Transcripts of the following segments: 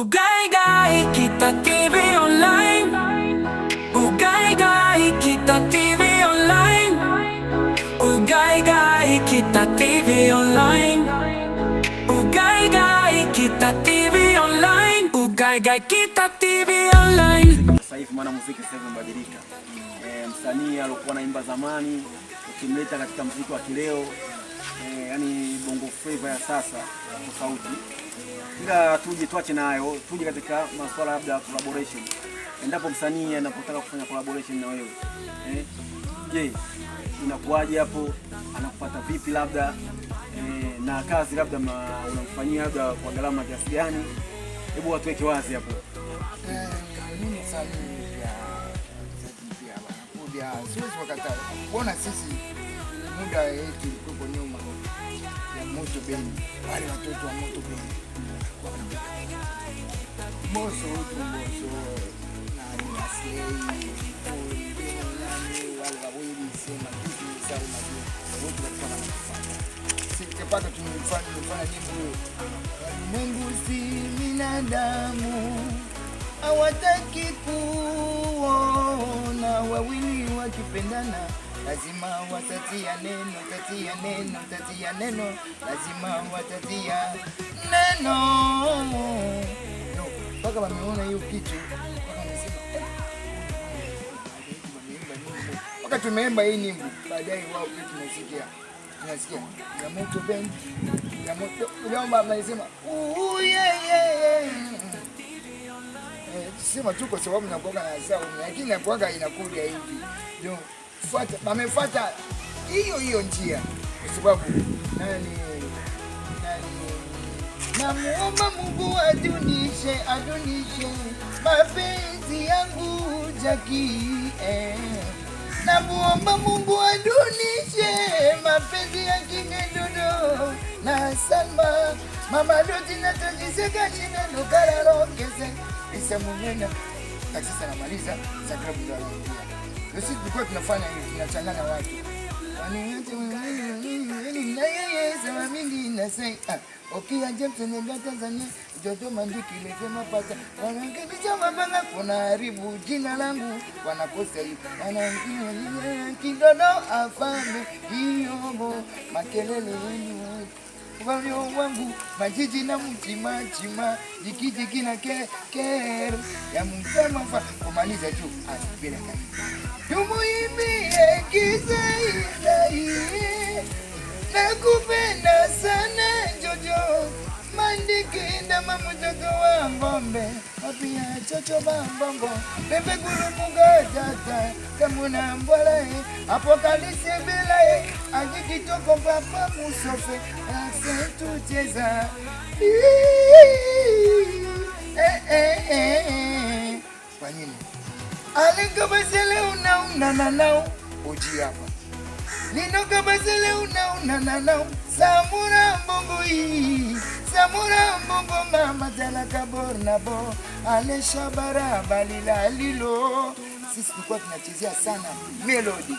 Ugaigay Kita TV Online Ugaigay Kita TV Online Ugaigay Kita TV Online Ugaigay Kita TV Online Ugaigay Kita TV Online Sasa hivi mwanamuziki sasa umebadilika. E, msanii alikuwa anaimba zamani ukimleta katika muziki wa kileo yani bongo flava ya sasa tofauti, ila tuje tuache nayo, tuje katika masuala labda ya collaboration. Endapo msanii anapotaka kufanya collaboration na wewe eh, je, unakuaje hapo? Anakupata vipi labda eh, na kazi labda unamfanyia labda kwa gharama kiasi gani? Hebu watuweke wazi hapo eh, kuona sisi muda yetu ilikuwepo nyuma Moto Beni, wale watoto wa Moto Beni moso hutu moso na Mungu si binadamu awataki kuona wawili wakipendana lazima watatia neno, tatia neno, tatia neno, lazima watatia neno mpaka Wameona hiyo kitu mpaka tumeemba hii nyimbo, baadaye wao pia tunasikia tunasikia ya moto bendi ya moto unaomba, amesema eh, sema tu kwa sababu nakuaga na saumu, lakini nakuaga inakuja hivi ndio fuata, wamefuata hiyo hiyo njia, kwa sababu nani namuomba Mungu adunishe adunishe mapenzi yangu Jaki, eh. Namuomba Mungu adunishe mapenzi ya Kingedodo na Salma mama Dotina tajiseka china nukala lokeze isa munyenya namaliza za klabu za na sisi tulikuwa tunafanya hivi, tunachanganya watu Okia joto mandiki imesema pata wanangebicha mabanga kuna haribu jina langu wanakosa hiyo makelele yenu walio wangu majiji na mtima tima jiki jiki na ke ke ya msema fa kumaliza tu bila kai tumuimbie kizaizai nakupenda sana jojo mandiki ndama mtoto wa ng'ombe apiya chocho bambambo pembe gurununga jaza kamuna mbwalae apokalipsi bilae ajikitoko papa musofe ninoka bazele unaunanana samura mbongo hii samura mbongo mama jalaka bornabo alesha barabalila lilo sisi tulikuwa tunachezea sana melodi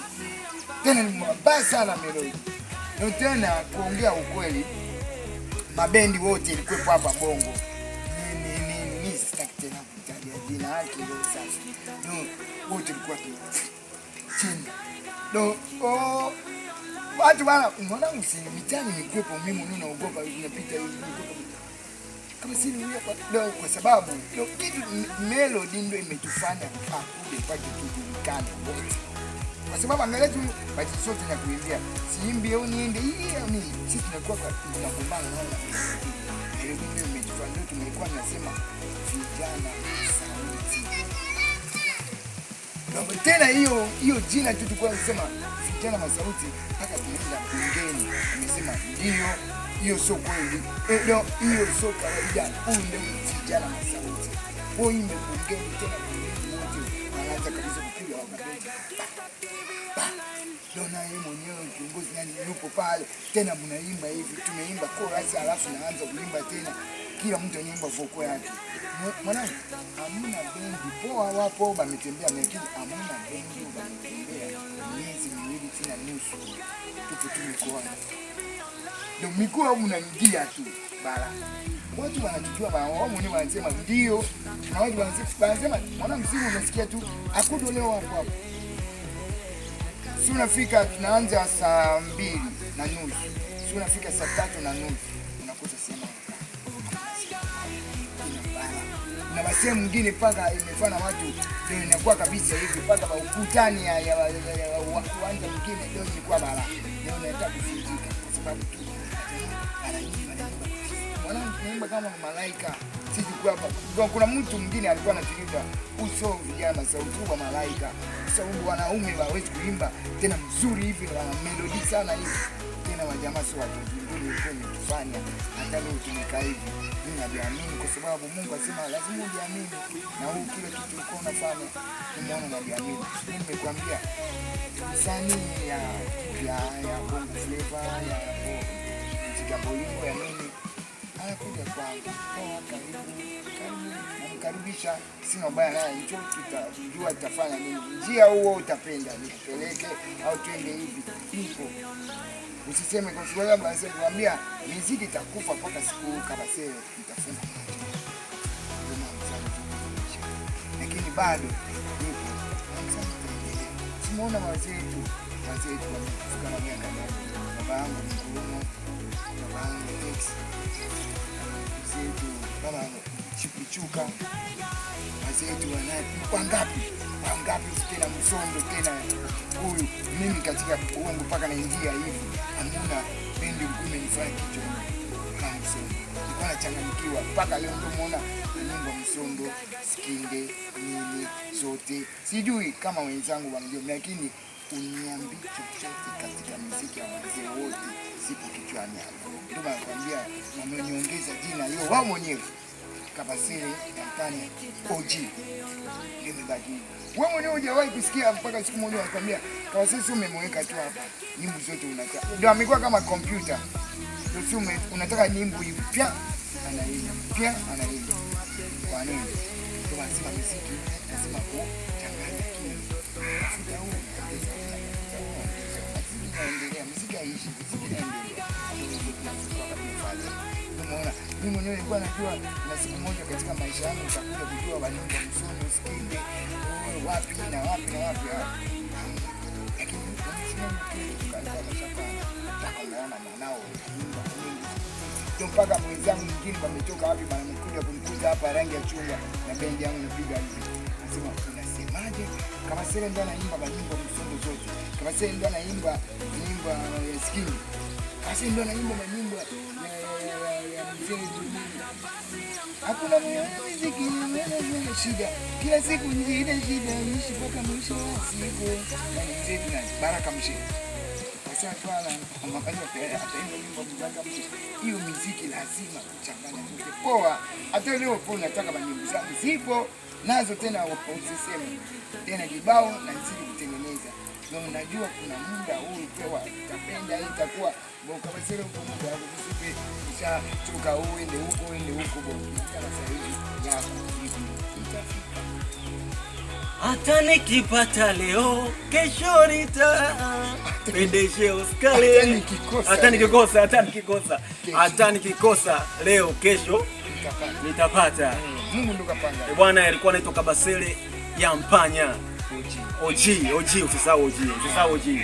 tena ni mwabaya sana melodi no tena kuongea ukweli mabendi wote kwa hapa bongo ni sitaki tena kutaja jina yake leo sasa no wote ilikuwa do oh. Watu bana, mwanangu si mitani nikuepo mimi mimi naogopa unapita kama si ni kwa do, kwa sababu do kitu melody ndio imetufanya akuje pake tujulikane wote, kwa sababu angalia tu basi sote na kuimbia siimbi au niende hii au nini, sisi tunakuwa kwa tunagombana na ndio imetufanya tumekuwa nasema vijana sana tena hiyo hiyo jina tu tulikuwa tunasema vijana masauti mpaka tunaenda bungeni, amesema ndio hiyo sio kweli, eh, ndio hiyo sio kawaida. Huyu ndio vijana masauti kwa hiyo bungeni tena bungeni wote wanaanza kabisa kupiga wakati Dona yeye mwenyewe kiongozi nani yupo pale tena, mnaimba hivi, tumeimba chorus, alafu naanza kuimba tena kila mtu nyumba foko yake. Mwanangu, amuna bendi poa wapo bametembea lakini amuna bengi bametembea miezi miwili tena nusu. Tupo tu mikoani. Ndio mikoa mnaingia tu bara. Watu wanatujua wao mwenyewe wanasema ndio. Na watu wanasema mwanangu simu unasikia tu akudolewa hapo hapo. Si unafika tunaanza saa mbili na nusu. Si unafika saa tatu na nusu. na masehemu mwingine mpaka imefana watu ndio inakuwa kabisa hivi mpaka ukutani ya ya uwanja mwingine ndio ilikuwa bala ndio nataka kufunjika kwa sababu tu mwanangu naimba kama malaika sisi kwa hapa kuna mtu mwingine alikuwa anasikiliza uso vijana sauti wa malaika sababu wanaume hawawezi kuimba tena mzuri hivi na melodi sana hivi maana wajamaa si watu wengine, kufanya hata leo utumika hivi. Mimi najiamini kwa sababu Mungu asema lazima ujiamini, na huu kile kitu uko nafanya, umeona, najiamini. Mimi nimekwambia sanii ya ya ya bongo flava ya Jambolingo ya nini anakuja kwa karibu karibu, namkaribisha, sina ubaya naye, hicho tutajua itafanya nini, njia huo utapenda nikupeleke au twende hivi, ipo Usiseme kwa sababu labda kuambia miziki itakufa mpaka siku kama sasa itafunga. Lakini bado nipo. Simuona wazetu, wazetu wamefika na miaka mingi. Baba yangu mkuu, baba yangu ex. Wazetu, baba yangu chipuchuka wazetu wangapi wangapi, tena msondo tena huyu mimi katika uongo mpaka naingia hivi, amuna bendi umenifanya kichwa na msondo, nilikuwa nachanganyikiwa mpaka leo, ndio muona nyimbo msondo sikinde nini zote, sijui kama wenzangu wanajua, lakini uniambi chochote katika muziki ya wazee wote sipo kichwani hapo, ndio nakwambia, wamenyongeza jina hiyo wao mwenyewe Kabasiri Kampani OG Give me in. Wewe mwenyewe hujawahi kusikia mpaka siku moja wanakwambia kwa sisi umemweka tu hapa. Nyimbo zote unataka. Ndio amekuwa kama kompyuta. Tusume unataka nyimbo mpya anaimba. Pia anaimba. Kwa nini? Kwa sababu muziki lazima kuchanganya kitu unaendelea, mimi mwenyewe nilikuwa najua na siku moja katika maisha yangu nitakuja kujua Wanonga Msumi, Usikinde wapi na wapi na wapi, lakini mpaka mwenzangu mwingine wametoka wapi, wamekuja kunikuza hapa rangi ya chungwa na bendi yangu napiga hivi, nasema yake kama sile ndo anaimba majimbo msongo zote, kama sile ndo anaimba nyimbo ya skini, basi ndo anaimba majimbo ya mzee Jumani. Hakuna muziki mwenye shida, kila siku njida shida, nishi mpaka mwisho wa siku na mzee Jumani Baraka Mshe hasa swala hiyo muziki lazima kuchanganya zote poa. Hata leo poa, nataka manyimbo zangu zipo nazo tena, usiseme tena kibao na zidi kutengeneza na unajua kuna muda huu pewa itapenda itakuwa bokabasele huko muda wako kusipe ushachoka, uende huko uende huko bokaa sahizi yako hata nikipata leo, kesho nita uskale. Hata nikikosa, hata nikikosa, hata nikikosa leo, kesho nitapata. Eh, Mungu ndo kapanga. Eh, Bwana alikuwa anaitwa Kabasele ya Mpanya. Oji, Oji usisahau Oji, usisahau Oji.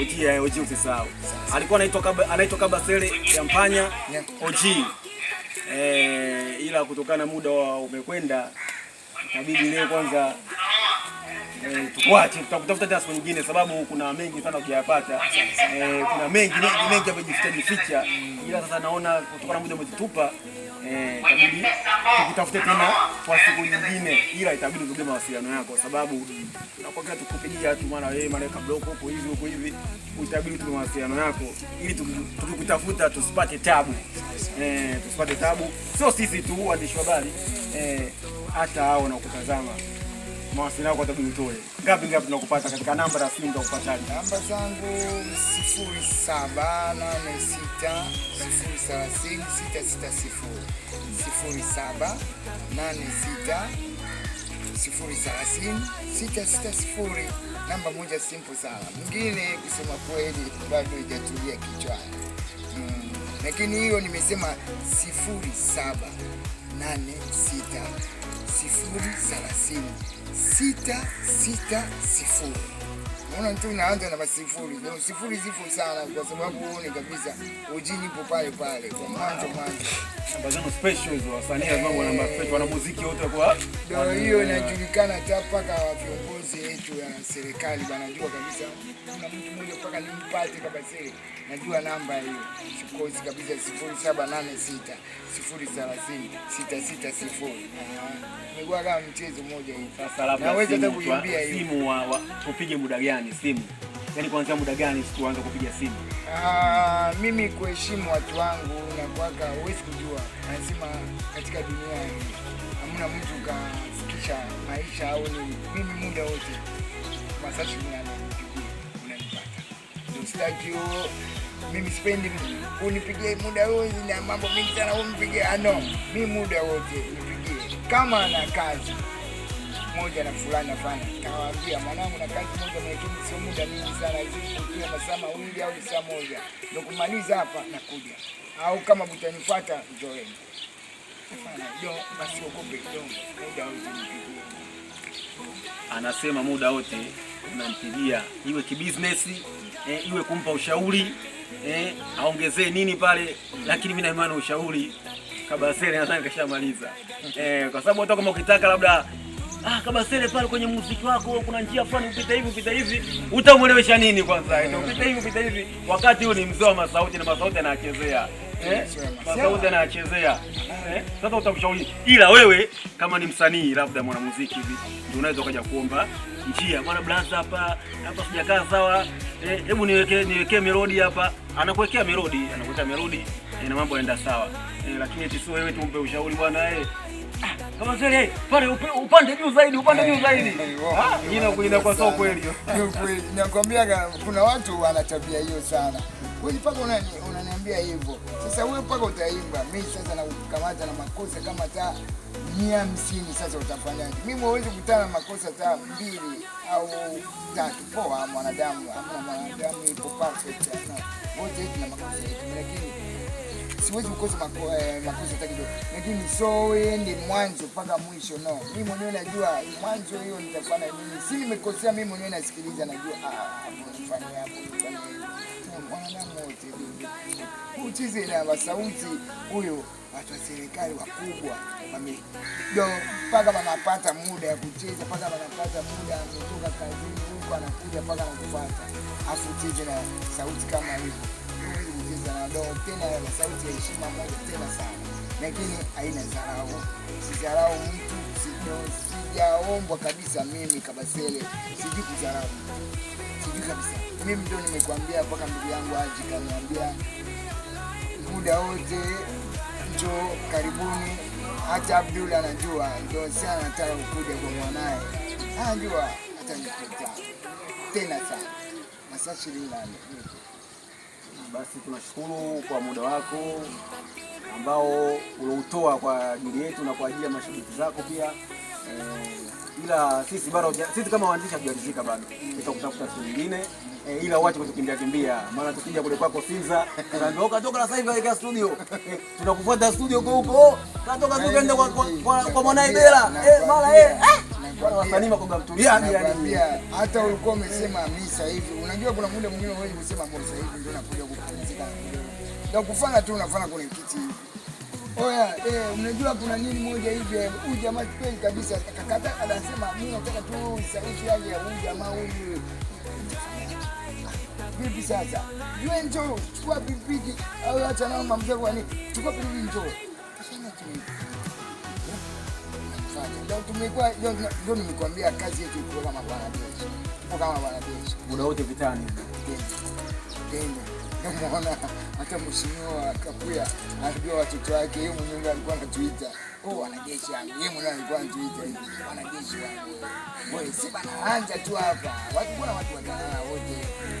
Oji, Oji usisahau. Alikuwa anaitwa anaitwa Kabasele ya Mpanya. Oji. Eh, ila kutokana muda umekwenda inabidi leo kwanza E, eh, tukwache tutakutafuta tena siku nyingine, sababu kuna mengi sana kujayapata. E, eh, kuna mengi mengi mengi hapa jificha jificha, ila sasa naona kutokana muda umetutupa, eh, itabidi tukutafute tena kwa siku nyingine, ila itabidi tuge mawasiliano yako, sababu tunapokaa tukupigia tu mara wewe mara kabloko huko hivi huko hivi, itabidi tuge mawasiliano yako ili tukikutafuta tusipate tabu, eh, tusipate tabu, sio sisi tu waandishi habari eh hata hao wanakutazama mawasiliano yako tabu nitoe ngapi ngapi tunakupata katika namba za simu tunakupata namba zangu 0786 namba moja simple sana mwingine kusema kweli bado haijatulia kichwani hmm, lakini hiyo nimesema 0786 0306660. Unaona tu unaanza na masifuri na sifuri zipo sana, kwa sababu uone kabisa ujini upo pale pale kwa mwanzo mwanzo. Namba zangu special hizo, wasanii lazima wana mapesa, wana muziki wote kwa. Ndio hiyo inajulikana hata mpaka viongozi yetu ya serikali bana, najua kabisa kuna mtu mmoja mpaka nimpate kabisa, najua namba hiyo sikosi kabisa, 0786 030 660. Imekuwa kama mchezo mmoja hivi. Sasa labda naweza hata kuimbia hiyo simu wa, wa, tupige muda gani simu, yani, kuanzia muda gani tuanze kupiga simu? Aa, ah, mimi kuheshimu watu wangu na kwaka, huwezi kujua, lazima katika dunia hii hamna mtu ka maisha maisha au mimi muda wote masaa ishirini na nne unanipata. Sitaki mimi sipendi unipigie muda wote na mambo mengi sana unipigie. ano ah, no, mimi muda wote nipigie. Kama na kazi moja na fulani nafanya, nawaambia mwanangu, na kazi moja lakini sio muda mingi sana, ikiwa masaa mawili au saa moja ndio kumaliza hapa, nakuja au kama mtanifuata, njoeni. Anasema muda wote unampigia, iwe kibiznesi e, eh, iwe kumpa ushauri e, aongezee nini pale, lakini mimi na imani ushauri Kabasele nadhani kashamaliza e, eh, kwa sababu hata kama ukitaka labda Ah, Kabasele pale kwenye muziki wako kuna njia fulani upita hivi upita hivi utamwelewesha nini kwanza? Upita hivi upita hivi, wakati huo ni mzee wa masauti na masauti anachezea Masauda eh? anachezea eh? sasa, utamshauri ila wewe kama ni msanii labda mwanamuziki hivi ndio unaweza ukaja kuomba njia, bwana blaza, hapa hapa sijakaa sawa, eh, hebu niweke niwekee melodi hapa. Anakuwekea melodi, anakuwekea melodi na mambo yanaenda sawa, lakini eti wewe tumpe ushauri bwana eh kama zile, pale upande juu zaidi, upande juu zaidi. Jina kwa kweli. Kweli. Nakwambia kuna watu wana tabia hiyo sana. unaniambia hivyo. Sasa wewe mpaka utaimba. Mimi sasa nakukamata na makosa kama ta mia hamsini. Sasa utafanyaje? Mimi hawezi kutana na makosa ta mbili au tatu. Poa mwanadamu, hamna mwanadamu ipo perfect Wote tuna makosa yetu lakini siwezi kukosa eh, makosa hata kidogo, lakini so ende mwanzo mpaka mwisho. No, mimi mwenyewe najua mwanzo hiyo nitafanya nini, si nimekosea mimi mwenyewe, nasikiliza, najua fanya ah, hapo na huyo watu wa serikali wakubwa mpaka wanapata muda ya kucheza, mpaka wanapata muda ametoka kazini huko anakuja mpaka afu na sauti kama hivyo za Doo tena na sauti ya heshima moja tena sana, lakini haina dharau. Sidharau mtu, sijaombwa kabisa mimi Kabasele, sijui kudharau, sijui kabisa. Mimi ndio nimekwambia mpaka ndugu yangu aje kaniambia muda wote njo karibuni. Hata Abdul anajua ndio sana anataka kuja kwa mwanaye, anajua hata nikuta tena sana masaa ishirini na nne basi tunashukuru kwa muda wako ambao uloutoa kwa ajili yetu na kwa ajili ya mashabiki zako pia e, ila sisi bado sisi kama waandishi hatujarizika bado, tutakutafuta siku nyingine e, ila wache kutukimbia kimbia, maana tukija kule kwako Sinza tunaondoka oh, toka na sasa hivi studio eh, tunakufuata studio huko huko, oh, katoka tu kwa kwa mwanaibela eh mara eh hata ulikuwa umesema misa hivi, unajua kuna muda mwingine unaweza kusema sasa hivi ndio nakuja kupumzika na kufanya tu, unafanya kwenye kiti hivi. Oh Oya, eh, unajua kuna nini moja hivi huyu jamaa kweli kabisa akakata, anasema mimi nataka tu sauti yake ya huyu jamaa huyu. Vipi sasa? Yeye njoo, chukua pikipiki au acha nao mamzee kwani, chukua pikipiki njoo. Kisha ndio nimekuambia kazi yetu iko kama wanajeshi, tuko kama wanajeshi muda wote vitani. Unaona hata mheshimiwa Kakuya anajua watoto wake, yeye mwenyewe alikuwa anatuita oh, wanajeshi wangu, yeye mwenyewe alikuwa anatuita wanajeshi wangu. Wewe si bana, tu hapa, watu na watu watalala wote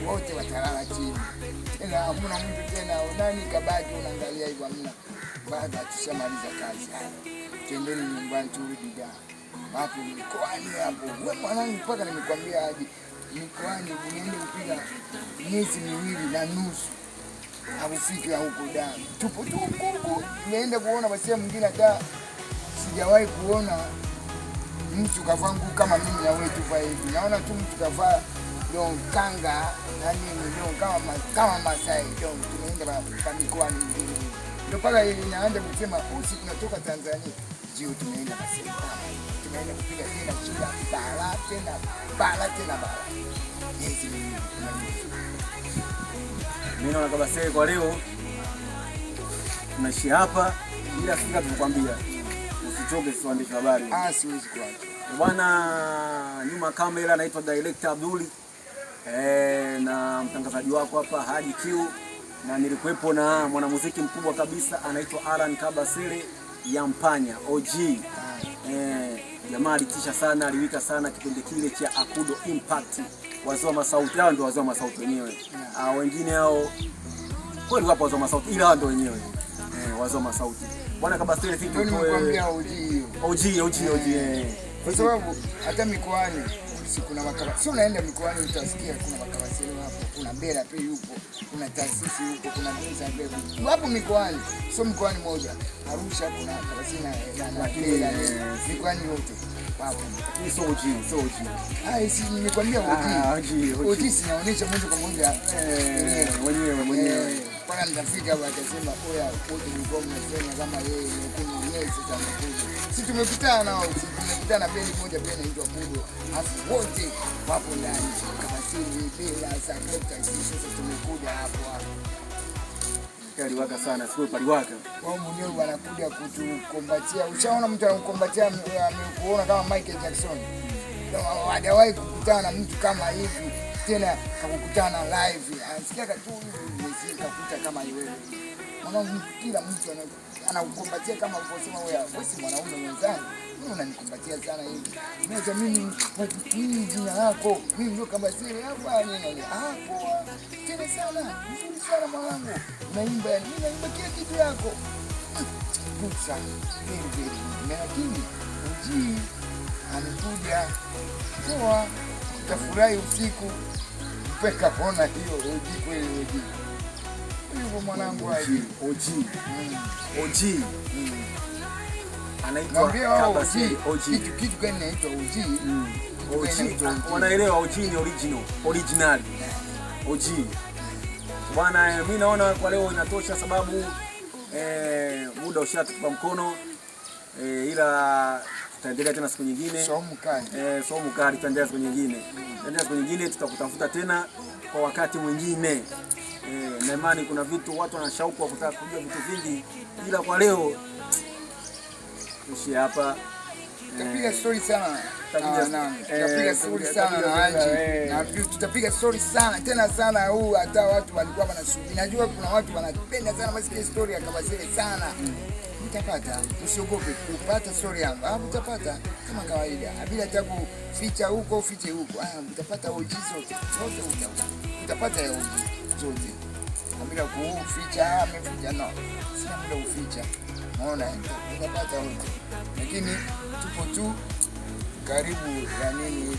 wote watalala chini, tena hamna mtu tena, nani kabaki, unaangalia hivyo hamna baada ya tushamaliza kazi, tendeni nyumbani turudi da wapi mikoani hapo. Wewe mwanangu, mpaka nimekwambia aje mikoani, niende kupiga miezi miwili na nusu hakufika huko da, tupo tu huku, niende kuona masia mwingine, hata sijawahi kuona mtu kavaa nguo kama mimi na wewe tuvaa hivi. Naona tu mtu kavaa don na nini don kama Masai don, tunaenda kwa mikoa mingine ndio paka inaanza kusema usi tunatoka Tanzania, juu tumeenda kasema tumeenda kupiga tena chura bara tena bara tena bara. yezi mimi naona kama sasa kwa leo tunaishi hapa, ila sika tunakwambia usichoke, si waandishi habari. Ah, siwezi kuacha bwana. Nyuma kamera anaitwa Director Abduli, eh, na mtangazaji wako hapa Haji Kiu na nilikuwepo na mwanamuziki mkubwa kabisa anaitwa Alan Kabasele ya Mpanya OG. Eh, jamaa alitisha sana, aliwika sana kipindi kile cha Akudo Impact. wazoa masauti hao ndio wazoa masauti wenyewe. Ah, wengine hao kweli wapo wazoa masauti ila ndio wenyewe. Eh, wazoa masauti. Bwana Kabasele OG, OG OG OG. Kwa sababu hata mikoani si kuna makabasi, unaenda mikoani utasikia kuna makabasi hapo, kuna Mbera pia yupo, kuna taasisi huko, kuna Meza Mbegu hapo mikoani, sio mkoani moja. Arusha kuna kabasi na eh, mikoani yote hapo, sio uji, sio uji. Ah, eh, si nimekwambia uji, ah, uji ah, sinaonyesha moja kwa moja eh, wenyewe wenyewe mpaka mtafika hapo, oya, wote mlikuwa mnasema kama yeye ni kuni yeye, si tumekutana nao, tumekutana bendi moja pia inaitwa Budo, afu wote wapo ndani bila Sasa tumekuja hapo sana, sio paliwaka wao mwenyewe wanakuja kutukombatia. Ushaona mtu anakukombatia amekuona kama Michael Jackson? Hajawahi kukutana na mtu kama hivi tena, kakukutana live, anasikia tu kakuta kama yeye kila mtu anakuja anakukumbatia kama ulivyosema wewe. Wewe si mwanaume mwenzangu, mimi unanikumbatia sana hivi. Mimi mimi mimi jina lako mimi ndio kama siri hapa nini hapo. Tena sana, mzuri sana mwanangu. Naimba, mimi naimba kila kitu yako. kutsa sana. Very Na lakini uji alikuja poa, utafurahi usiku mpaka kona hiyo uji kweli uji hivyo mwanangu aje. OG. OG. Anaitwa OG. Kitu kitu gani inaitwa OG? Mm. OG. Wanaelewa OG ni original, original. OG. Bwana, mimi eh, naona kwa leo inatosha sababu eh, muda ushatupa mkono eh, ila tutaendelea tena siku nyingine. Somo kali. Eh, somo kali tutaendelea siku nyingine. Tutaendelea siku nyingine tutakutafuta tena kwa wakati mwingine. Eh, na imani. Kuna vitu watu wanashauku kutaka kujua vitu vingi, ila kwa leo tuishie hapa. Tutapiga eh, story sana ah, eh, story sana na tutapiga story sana tena sana. Huu hata watu walikuwa wanasubiri, najua kuna watu wanapenda sana basi story kama zile sana Utapata, mm. usiogope kupata story yangu hapo, utapata ah, kama kawaida, bila hata kuficha huko fiche huko, ah, utapata ujizo zote, utapata zote bila kuficha, ameficha ah, no, sina muda kuficha, unaona utapata wote, lakini tupo tu karibu ya nini.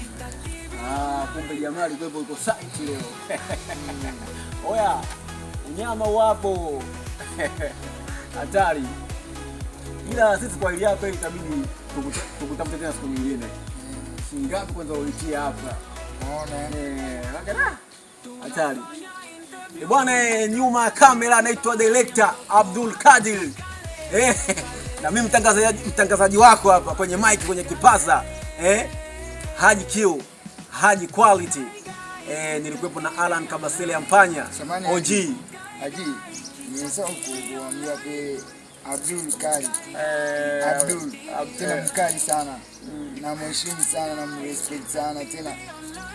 Ah, kumbe jamaa alikuwepo, yuko site leo. Hmm. Oya, unyama wapo hatari, ila sisi kwa ile hapa itabidi tukutafute tena siku nyingine. Singapi kwanza ulitia hapa, unaona eh, ah, hatari. Bwana nyuma ya kamera anaitwa director Abdul Kadir. Eh, na mimi mtangazaji mtangazaji wako hapa kwenye mic kwenye kipaza eh, Haji Q, Haji Quality. Eh, nilikuwepo na Alan Kabasele Ampanya OG. Haji. Nimesema kuambia pe Abdul Kadir. Eh, Abdul, tena eh. mkali sana. Na mheshimu sana na mrespect sana tena.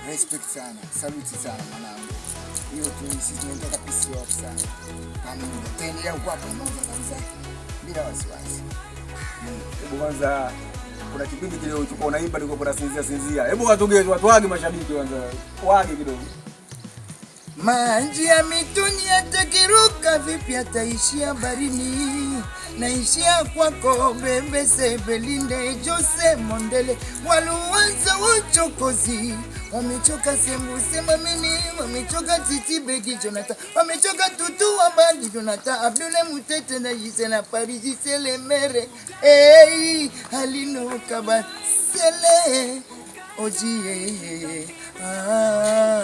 Respect sana. Saluti sana mwanangu zinaendelea kabisa sana, tutaendelea kuwa pamoja kabisa bila wasiwasi. Mm, hebu kwanza, kuna kipindi kile ulichokuwa unaimba nilikuwa sinzia sinzia, hebu watugeze watu wage mashabiki kwanza wage kidogo. Maji ya mituni yatakiruka vipi, yataishia barini naishia kwako Mbembese Belinde Jose Mondele waluanza wachokozi wamechoka Sembuse Mamini wamechoka Titi Begi jonata wamechoka Tutu Wabandi Jonathan Abdule Mutete na Gisela Paris Gisele Mere hey, Alino Kabasele Ojie ah,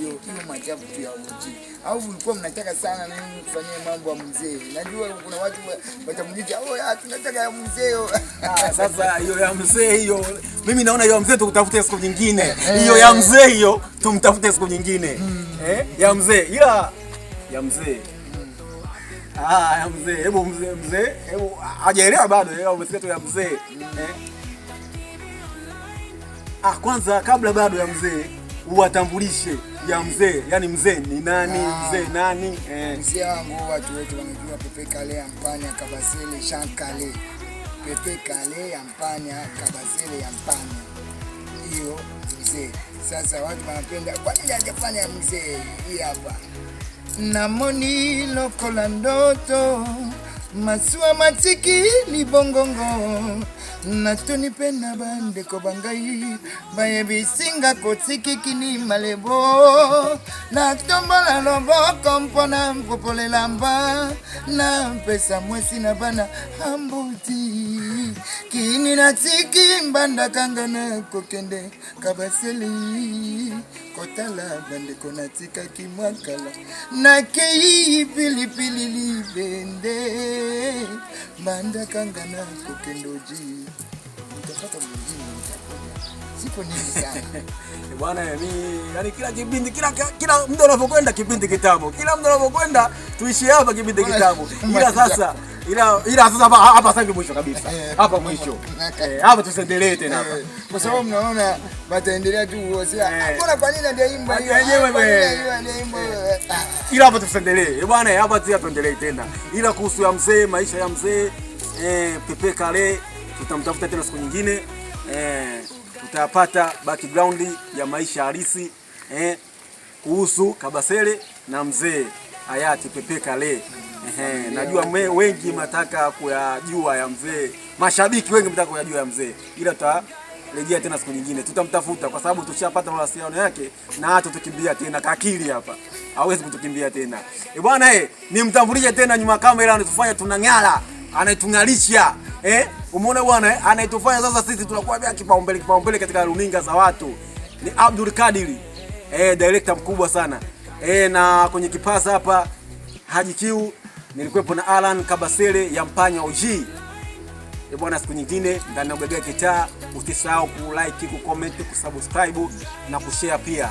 yo hiyo majabu tu ya Ojie au mlikuwa mnataka sana mimi kufanyia mambo ya mzee? Najua kuna watu watamujiza, oh, tunataka ya mzee. Ah, sasa hiyo ya mzee hiyo, mimi naona hiyo ya mzee tukutafute siku nyingine. Eh, eh. Hiyo ya mzee hiyo tumtafute siku nyingine hmm. Eh, ya mzee ila ya mzee Ah, ya mzee. Hebu mzee mzee. Hebu hajaelewa bado. Yeye umesikia tu ya mzee. Eh. Ah, kwanza kabla bado ya mzee uwatambulishe ya mzee, yani mzee ni nani? Ah. Mzee nani? Eh, mzee wangu watu wetu wanajua Pepe Kale ya Mpanya Kabasele Jean Kale. Pepe Kale ya Mpanya Kabasele ya Mpanya, hiyo mzee. Sasa watu wanapenda, kwa nini hajafanya mzee? Hii hapa namoni lokola ndoto masuwa matiki libongongo natuni mpe na bandeko bangai bayebisinga kotikikini malebo natombola loboko mpona kopolela mba napesa mwasi na bana amboti kininatsikimba kangana kokende kabaseli kotala bandeko natikaki mwakala nakei pilipili libende mbanda kangana kokende oji utapata mwingine nini sana bwana. Mimi yani kila kipindi kila kila mtu anavyokwenda kipindi kitamu, kila mtu anavyokwenda tuishie hapa kipindi kitamu, ila sasa ila ila sasa hapa hapa sasa mwisho kabisa eh, hapa eh, mwisho eh, hapa tusendelee tena hapa, kwa sababu mnaona wataendelea tu kuosea, mbona kwa nini ndio imba hiyo yenyewe, ila hapa tusendelee eh bwana, hapa tu tuendelee tena, ila kuhusu ya mzee, maisha ya mzee eh, Pepe Kale tutamtafuta tena siku nyingine eh, tutapata background ya maisha halisi eh, kuhusu Kabasele na mzee hayati Pepe Kale najua mwe, wengi mataka kuyajua ya mzee, mashabiki wengi mtaka kuyajua ya mzee, ila tutarejea tena siku nyingine, tutamtafuta kwa sababu tushapata mawasiliano yake na hata tukimbia tena kakili hapa hawezi kutukimbia tena e bwana eh, nimtambulishe tena nyuma kama ile anatufanya tunang'ala, anaitung'alisha eh, umeona bwana eh, anaitufanya sasa sisi tunakuwa bia kipaumbele kipaumbele katika runinga za watu. Ni Abdul Kadiri eh, director mkubwa sana eh, na kwenye kipasa hapa Haji Kiu nilikuwepo na Alan Kabasele ya Mpanya OG. E bwana, siku nyingine ndani ya Ugagea Kitaa. Usisahau ku like, ku comment, ku subscribe na kushare pia.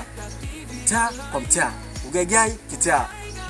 Mtaa kwa mtaa, Ugagea Kitaa.